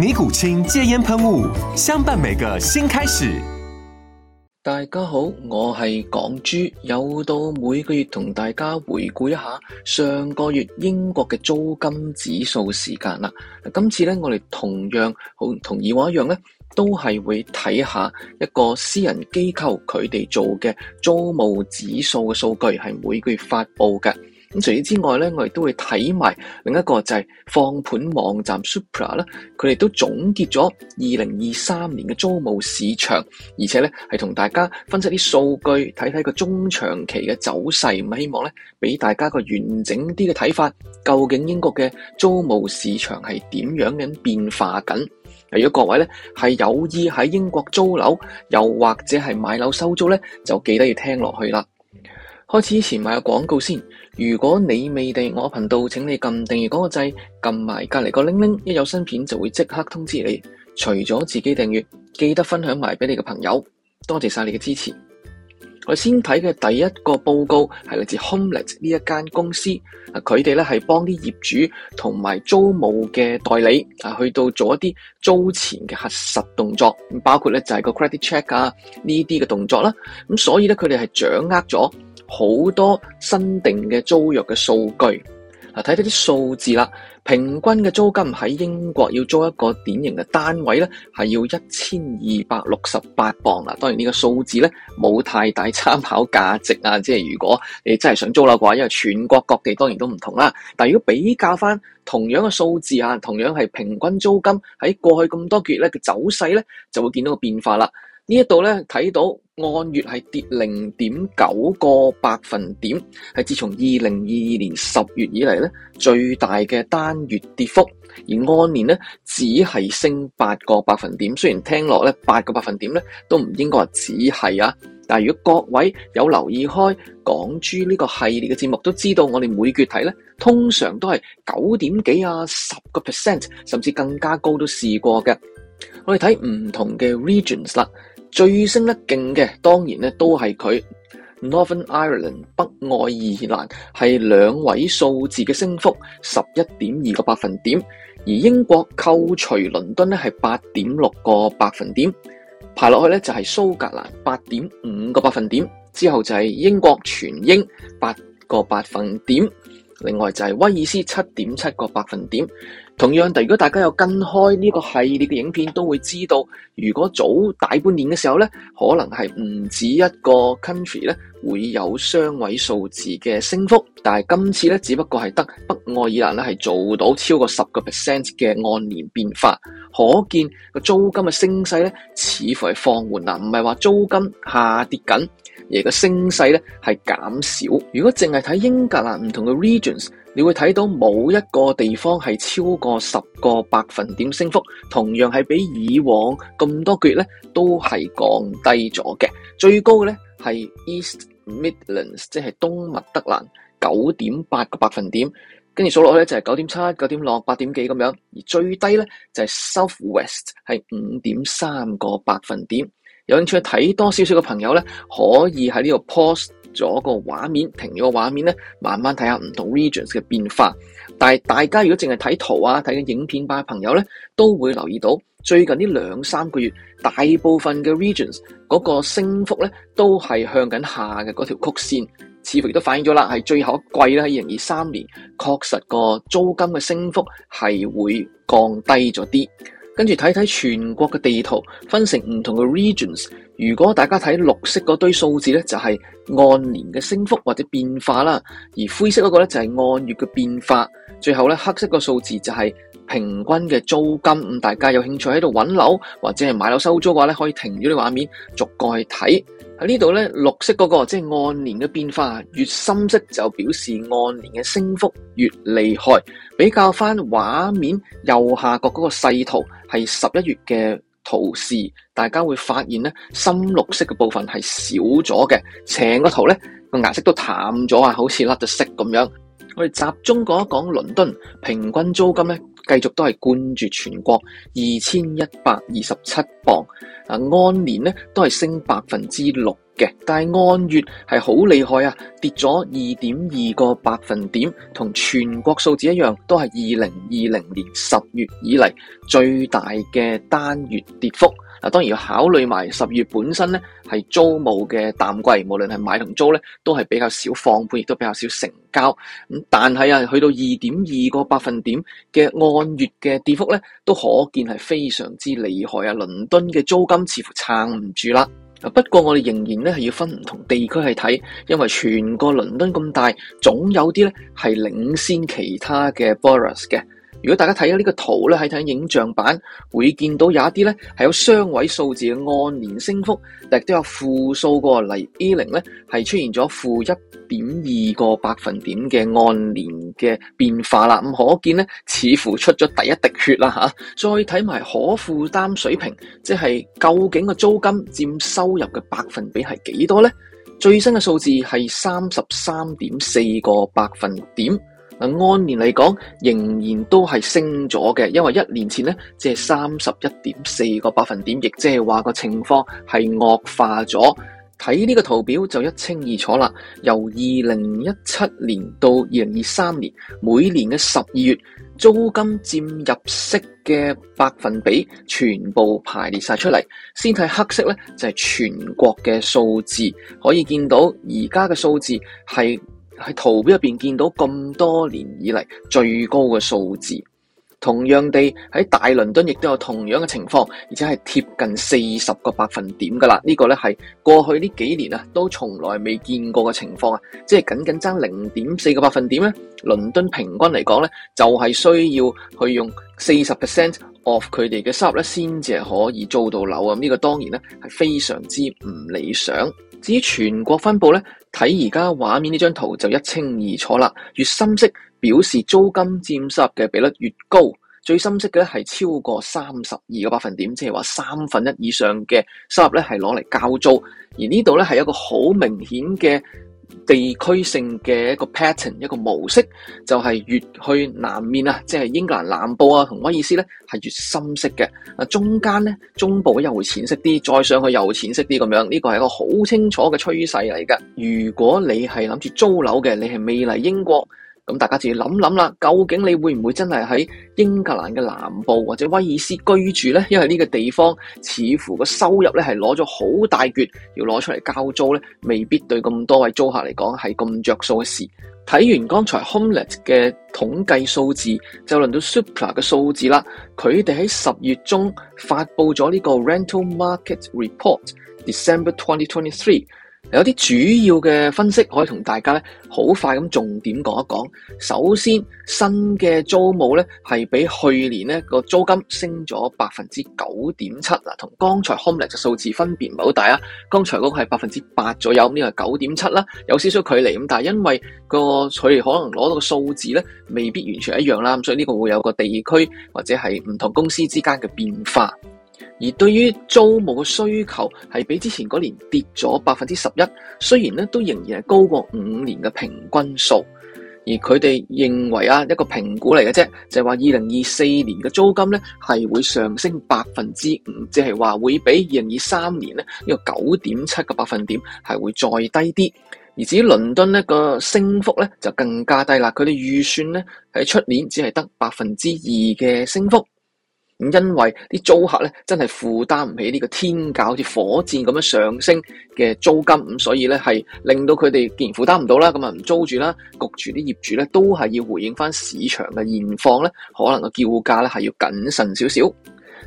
尼古清戒煙噴霧，相伴每個新開始。大家好，我係港豬，又到每個月同大家回顧一下上個月英國嘅租金指數時間啦。今次呢，我哋同樣好同以往一樣呢，都係會睇下一個私人機構佢哋做嘅租務指數嘅數據，係每個月發佈嘅。咁除此之外咧，我哋都會睇埋另一個，就係放盤網站 Zoopla。佢哋都總結咗二零二三年嘅租務市場，而且咧係同大家分析啲數據，睇睇個中長期嘅走勢。唔希望咧俾大家個完整啲嘅睇法，究竟英國嘅租務市場係點樣樣變化緊？如果各位咧係有意喺英國租樓，又或者係買樓收租咧，就記得要聽落去啦。開始之前，買個廣告先。如果你未訂我頻道，請你撳訂閱嗰個掣，撳埋隔籬個鈴鈴，一有新片就會即刻通知你。除咗自己訂閱，記得分享埋俾你嘅朋友。多謝晒你嘅支持。我先睇嘅第一個報告係嚟自 Homelet 呢一間公司，啊，佢哋咧係幫啲業主同埋租務嘅代理啊，去到做一啲租前嘅核實動作，包括咧就係個 credit check 啊呢啲嘅動作啦。咁所以咧，佢哋係掌握咗。好多新定嘅租約嘅數據。嗱，睇睇啲數字啦。平均嘅租金喺英國，要租一個典型嘅單位咧，係要一千二百六十八磅啦。當然呢個數字咧，冇太大參考價值啊。即係如果你真係想租樓嘅話，因為全國各地當然都唔同啦。但係如果比較返同樣嘅數字啊，同樣係平均租金喺過去咁多個月咧嘅走勢咧，就會見到個變化啦。呢一度咧睇到按月係跌零點九個百分點，係自從二零二二年十月以嚟咧最大嘅單月跌幅。而按年咧只係升八個百分點。雖然聽落咧八個百分點咧都唔應該話只係啊，但係如果各位有留意開港豬呢個系列嘅節目，都知道我哋每月睇咧通常都係九點幾啊十個 percent，甚至更加高都試過嘅。我哋睇唔同嘅 regions 啦。最升得勁嘅當然咧都係佢 Northern Ireland 北愛爾蘭係兩位數字嘅升幅十一點二個百分點，而英國扣除倫敦咧係八點六個百分點，排落去咧就係蘇格蘭八點五個百分點，之後就係英國全英八個百分點，另外就係威爾斯七點七個百分點。同樣地，如果大家有跟開呢個系列嘅影片，都會知道，如果早大半年嘅時候咧，可能係唔止一個 country 咧。會有雙位數字嘅升幅，但係今次咧只不過係得北愛爾蘭咧係做到超過十個 percent 嘅按年變化，可見個租金嘅升勢咧似乎係放緩啦，唔係話租金下跌緊，而個升勢咧係減少。如果淨係睇英格蘭唔同嘅 regions，你會睇到冇一個地方係超過十個百分點升幅，同樣係比以往咁多個月咧都係降低咗嘅，最高嘅咧。係 East Midlands，即係東麥德蘭九點八個百分點，跟住數落去咧就係九點七、九點六、八點幾咁樣，而最低咧就係 South West 係五點三個百分點。有興趣睇多少少嘅朋友咧，可以喺呢度 pause 咗個畫面，停咗個畫面咧，慢慢睇下唔同 regions 嘅變化。但係大家如果淨係睇圖啊、睇緊影片版嘅朋友咧都會留意到。最近呢兩三個月，大部分嘅 regions 嗰個升幅咧，都係向緊下嘅嗰條曲線，似乎亦都反映咗啦，係最後一季啦，喺二零二三年，確實個租金嘅升幅係會降低咗啲。跟住睇睇全國嘅地圖，分成唔同嘅 regions。如果大家睇綠色嗰堆數字咧，就係按年嘅升幅或者變化啦；而灰色嗰個咧就係按月嘅變化。最後咧黑色個數字就係。平均嘅租金，咁大家有興趣喺度揾樓或者係買樓收租嘅話咧，可以停住啲畫面，逐個去睇喺呢度咧。綠色嗰個即係按年嘅變化，越深色就表示按年嘅升幅越厲害。比較翻畫面右下角嗰個細圖係十一月嘅圖示，大家會發現咧，深綠色嘅部分係少咗嘅，成個圖咧，個顏色都淡咗啊，好似甩咗色咁樣。我哋集中講一講倫敦平均租金咧。繼續都係冠住全國二千一百二十七磅，啊，按年咧都係升百分之六嘅，但係按月係好厲害啊，跌咗二點二個百分點，同全國數字一樣，都係二零二零年十月以嚟最大嘅單月跌幅。嗱，當然要考慮埋十月本身咧係租務嘅淡季，無論係買同租咧，都係比較少放盤，亦都比較少成交。咁但係啊，去到二點二個百分點嘅按月嘅跌幅咧，都可見係非常之厲害啊！倫敦嘅租金似乎撐唔住啦。不過我哋仍然咧係要分唔同地區去睇，因為全個倫敦咁大，總有啲咧係領先其他嘅 Boroughs 嘅。如果大家睇下呢個圖咧，係睇影像版，會見到有一啲咧係有雙位數字嘅按年升幅，亦都有負數個例。A 零咧係出現咗負一點二個百分點嘅按年嘅變化啦。咁可見咧似乎出咗第一滴血啦吓。再睇埋可負擔水平，即係究竟個租金佔收入嘅百分比係幾多咧？最新嘅數字係三十三點四個百分點。按年嚟講，仍然都係升咗嘅，因為一年前呢，即係三十一點四個百分點，亦即係話個情況係惡化咗。睇呢個圖表就一清二楚啦。由二零一七年到二零二三年，每年嘅十二月租金佔入息嘅百分比，全部排列晒出嚟。先睇黑色呢，就係全國嘅數字，可以見到而家嘅數字係。喺圖表入邊見到咁多年以嚟，最高嘅數字，同樣地喺大倫敦亦都有同樣嘅情況，而且係貼近四十個百分點噶啦。呢個咧係過去呢幾年啊都從來未見過嘅情況啊，即係僅僅爭零點四個百分點咧，倫敦平均嚟講咧就係需要去用四十 percent of 佢哋嘅收入咧先至係可以租到樓啊。呢個當然咧係非常之唔理想。至於全國分布咧。睇而家畫面呢張圖就一清二楚啦。越深色表示租金佔收入嘅比率越高，最深色嘅呢係超過三十二個百分點，即係話三分一以上嘅收入呢係攞嚟交租，而呢度呢係一個好明顯嘅地區性嘅一個 pattern 一個模式，就係、是、越去南面啊，即、就、係、是、英格蘭南部啊同威爾斯咧，係越深色嘅。啊，中間咧中部又會淺色啲，再上去又淺色啲咁樣。呢、這個係一個好清楚嘅趨勢嚟㗎。如果你係諗住租樓嘅，你係未嚟英國？咁大家就要諗諗啦，究竟你會唔會真係喺英格蘭嘅南部或者威爾斯居住呢？因為呢個地方似乎個收入咧係攞咗好大橛要攞出嚟交租咧，未必對咁多位租客嚟講係咁着數嘅事。睇完剛才 Homelet 嘅統計數字，就輪到 Zoopla 嘅數字啦。佢哋喺十月中發佈咗呢個 Rental Market Report December 2023。有啲主要嘅分析可以同大家咧好快咁重點講一講。首先，新嘅租務咧係比去年咧個租金升咗百分之九點七。同剛才 HomeLet 嘅數字分別唔係好大啊。剛才嗰個係百分之八左右，咁、這、呢個九點七啦，有少少距離。咁但係因為個佢可能攞到個數字咧未必完全一樣啦，咁所以呢個會有個地區或者係唔同公司之間嘅變化。而對於租務嘅需求係比之前嗰年跌咗百分之十一，雖然咧都仍然係高過五年嘅平均數。而佢哋認為啊，一個評估嚟嘅啫，就係話二零二四年嘅租金咧係會上升百分之五，即係話會比二零二三年咧呢個九點七嘅百分點係會再低啲。而至於倫敦呢個升幅咧就更加低啦，佢哋預算咧喺出年只係得百分之二嘅升幅。因為啲租客咧真係負擔唔起呢個天價，好似火箭咁樣上升嘅租金，咁所以咧係令到佢哋既然負擔唔到啦，咁啊唔租住啦，焗住啲業主咧都係要回應返市場嘅現況咧，可能個叫價咧係要謹慎少少。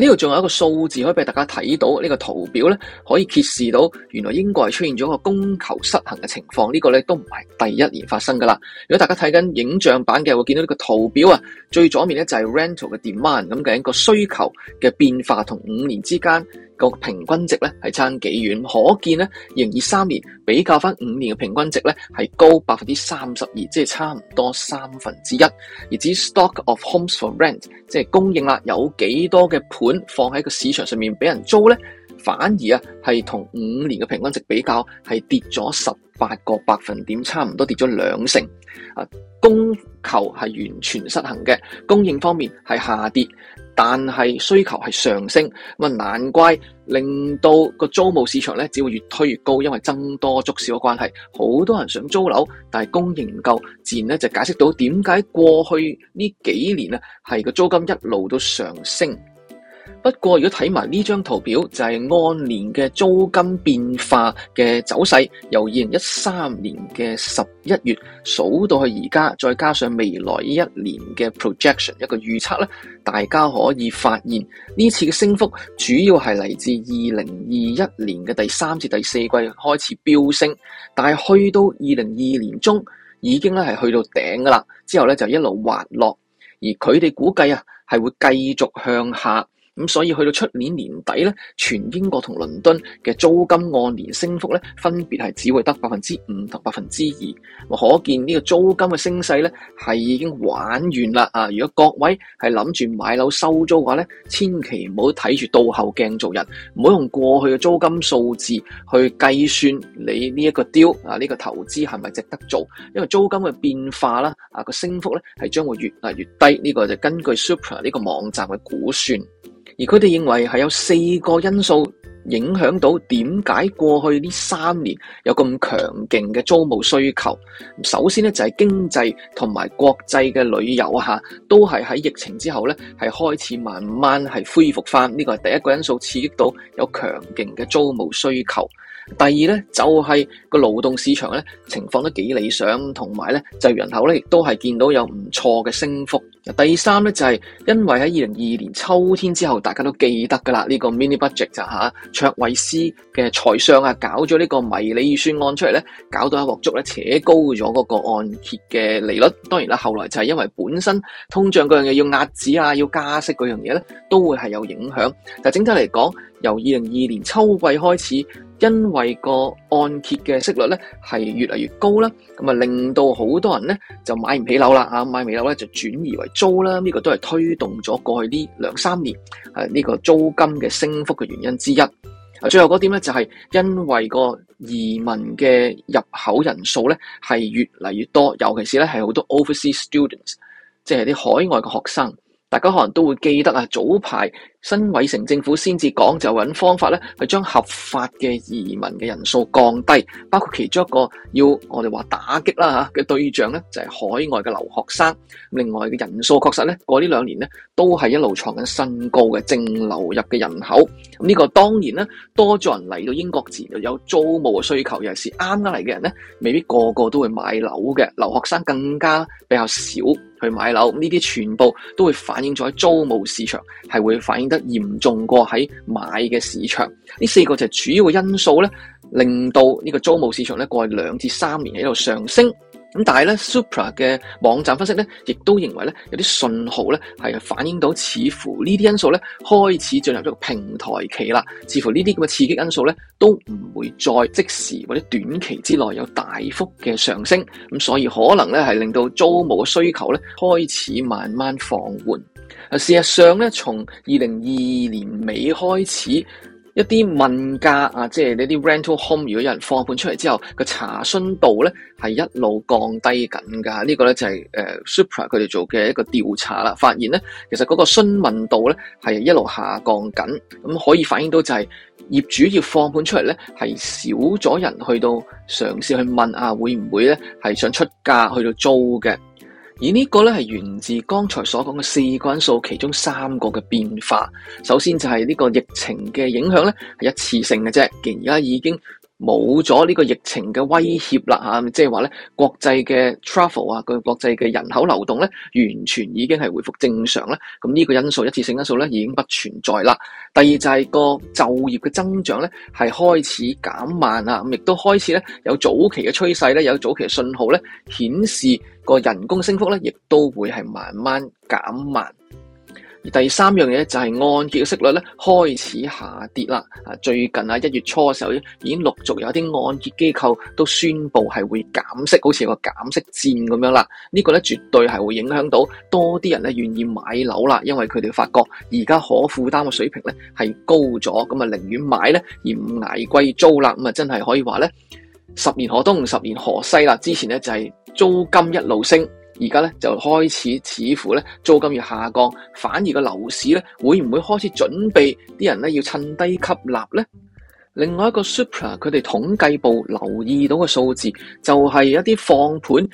呢度仲有一個數字可以俾大家睇到，呢個圖表咧可以揭示到，原來英國係出現咗個供求失衡嘅情況，呢個咧都唔係第一年發生噶啦。如果大家睇緊影像版嘅，會見到呢個圖表啊，最左面咧就係 rental 嘅 demand，咁嘅一個需求嘅變化同五年之間。個平均值咧係差幾遠，可見咧，二零二三年比較返五年嘅平均值咧係高百分之三十二，即係差唔多三分之一。而至於 stock of homes for rent，即係供應啦，有幾多嘅盤放喺個市場上面俾人租咧？反而啊，係同五年嘅平均值比較，係跌咗十八個百分點，差唔多跌咗兩成。啊，供求係完全失衡嘅，供應方面係下跌，但係需求係上升。咁啊，難怪令到個租務市場咧，只會越推越高，因為僧多粥少嘅關係，好多人想租樓，但係供應唔夠，自然咧就解釋到點解過去呢幾年啊，係個租金一路都上升。不過，如果睇埋呢張圖表，就係、是、按年嘅租金變化嘅走勢，由二零一三年嘅十一月數到去而家，再加上未來呢一年嘅 projection 一個預測咧，大家可以發現呢次嘅升幅主要係嚟自二零二一年嘅第三至第四季開始飆升，但係去到二零二二年中已經咧係去到頂㗎喇，之後咧就一路滑落，而佢哋估計啊係會繼續向下。咁所以去到出年年底咧，全英國同倫敦嘅租金按年升幅咧，分別係只會得百分之五同百分之二。可見呢個租金嘅升勢咧，係已經玩完啦啊！如果各位係諗住買樓收租嘅話咧，千祈唔好睇住倒後鏡做人，唔好用過去嘅租金數字去計算你呢一個雕啊呢個投資係咪值得做？因為租金嘅變化啦，啊個升幅咧係將會越嚟越低。呢個就根據 Zoopla 呢個網站嘅估算。而佢哋認為係有四個因素影響到點解過去呢三年有咁強勁嘅租務需求。首先咧就係經濟同埋國際嘅旅遊下都係喺疫情之後咧係開始慢慢係恢復翻，呢個係第一個因素刺激到有強勁嘅租務需求。第二咧就係個勞動市場咧情況都幾理想，同埋咧就人口咧亦都係見到有唔錯嘅升幅。第三咧就係因為喺二零二二年秋天之後，大家都記得㗎啦，呢、這個 mini budget 就嚇、是，卓慧思嘅財相啊，搞咗呢個迷你預算案出嚟咧，搞到一鑊粥咧，扯高咗嗰個按揭嘅利率。當然啦，後來就係因為本身通脹嗰樣嘢要壓止啊，要加息嗰樣嘢咧，都會係有影響。但整體嚟講，由二零二二年秋季開始。因為個按揭嘅息率咧係越嚟越高啦，咁啊令到好多人咧就買唔起樓啦，啊買唔起樓咧就轉移為租啦。呢、這個都係推動咗過去呢兩三年呢、這個租金嘅升幅嘅原因之一。最後嗰點咧就係、是、因為個移民嘅入口人數咧係越嚟越多，尤其是咧係好多 overseas students，即係啲海外嘅學生。大家可能都會記得啊，早排新委城政府先至講就揾方法咧，去將合法嘅移民嘅人數降低，包括其中一個要我哋話打擊啦嚇嘅對象咧，就係、是、海外嘅留學生。另外嘅人數確實咧，過兩年呢兩年咧都係一路創緊新高嘅淨流入嘅人口。咁、這、呢個當然咧，多咗人嚟到英國自然就有租務嘅需求，尤其是啱啱嚟嘅人咧，未必個個都會買樓嘅。留學生更加比較少。去買樓，呢啲全部都會反映咗喺租務市場，係會反映得嚴重過喺買嘅市場。呢四個就係主要嘅因素咧，令到呢個租務市場咧過去兩至三年喺度上升。咁但係咧，Zoopla 嘅網站分析咧，亦都認為咧有啲信號咧係反映到，似乎呢啲因素咧開始進入咗個平台期啦。似乎呢啲咁嘅刺激因素咧都唔會再即時或者短期之內有大幅嘅上升，咁所以可能咧係令到租務嘅需求咧開始慢慢放緩。事實上咧，從二零二二年尾開始，一啲問價啊，即係呢啲 rental home，如果有人放盤出嚟之後，個查詢度咧係一路降低緊㗎。呢、呢個咧就係誒 Super 佢哋做嘅一個調查啦，發現咧其實嗰個詢問度咧係一路下降緊，咁可以反映到就係、係、業主要放盤出嚟咧係少咗人去到嘗試去問啊，會唔會咧係想出價去到租嘅？而呢個咧係源自剛才所講嘅四個人數其中三個嘅變化。首先就係呢個疫情嘅影響咧係一次性嘅啫，既然而家已經，冇咗呢個疫情嘅威脅啦吓，即係話咧國際嘅 travel 啊，個國際嘅人口流動咧，完全已經係回復正常啦。咁呢個因素一次性因素咧已經不存在啦。第二就係個就業嘅增長咧係開始減慢啦，咁亦都開始咧有早期嘅趨勢咧，有早期嘅信號咧顯示個人工升幅咧，亦都會係慢慢減慢。而第三樣嘢就係按揭嘅息率咧開始下跌啦！啊，最近啊一月初嘅時候已經陸續有啲按揭機構都宣佈係會減息，好似個減息戰咁樣啦。呢個咧絕對係會影響到多啲人咧願意買樓啦，因為佢哋發覺而家可負擔嘅水平咧係高咗，咁啊寧願買咧而唔挨貴租啦。咁啊真係可以話咧十年河東十年河西啦，之前咧就係租金一路升。而家咧就開始，似乎咧租金要下降，反而個樓市咧會唔會開始準備啲人咧要趁低吸納咧？另外一個 Zoopla 佢哋統計部留意到嘅數字就，就係一啲放盤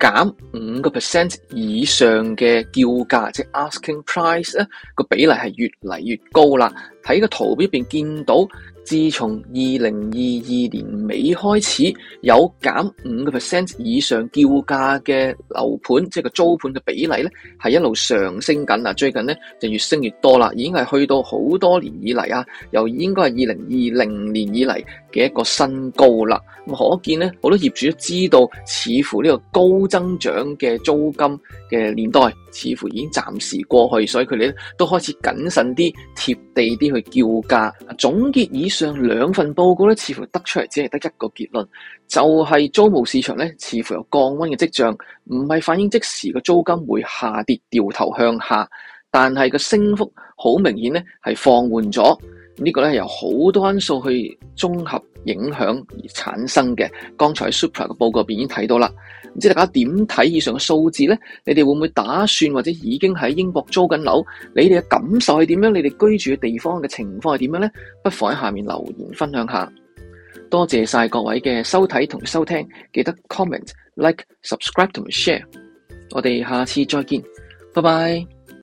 減五個 percent 以上嘅叫價，即 asking price 咧個比例係越嚟越高啦。睇個圖表入便見到，自從二零二二年尾開始有減五個 percent 以上叫價嘅樓盤，即係個租盤嘅比例咧，係一路上升緊啊！最近咧就越升越多啦，已經係去到好多年以嚟啊，又應該係二零二零年以嚟嘅一個新高啦。咁可見咧，好多業主都知道，似乎呢個高增長嘅租金嘅年代，似乎已經暫時過去，所以佢哋咧都開始謹慎啲、貼地啲。去叫價。總結以上兩份報告咧，似乎得出嚟只係得一個結論，就係租務市場咧，似乎有降温嘅跡象，唔係反映即時嘅租金會下跌，掉頭向下。但係個升幅好明顯咧，係放緩咗。呢個咧由好多因素去綜合影響而產生嘅。剛才 Zoopla 嘅報告入面已經睇到啦。唔知大家點睇以上嘅數字咧？你哋會唔會打算或者已經喺英國租緊樓？你哋嘅感受係點樣？你哋居住嘅地方嘅情況係點樣咧？不妨喺下面留言分享下。多謝晒各位嘅收睇同收聽，記得 comment like subscribe 同 share。我哋下次再見，拜拜。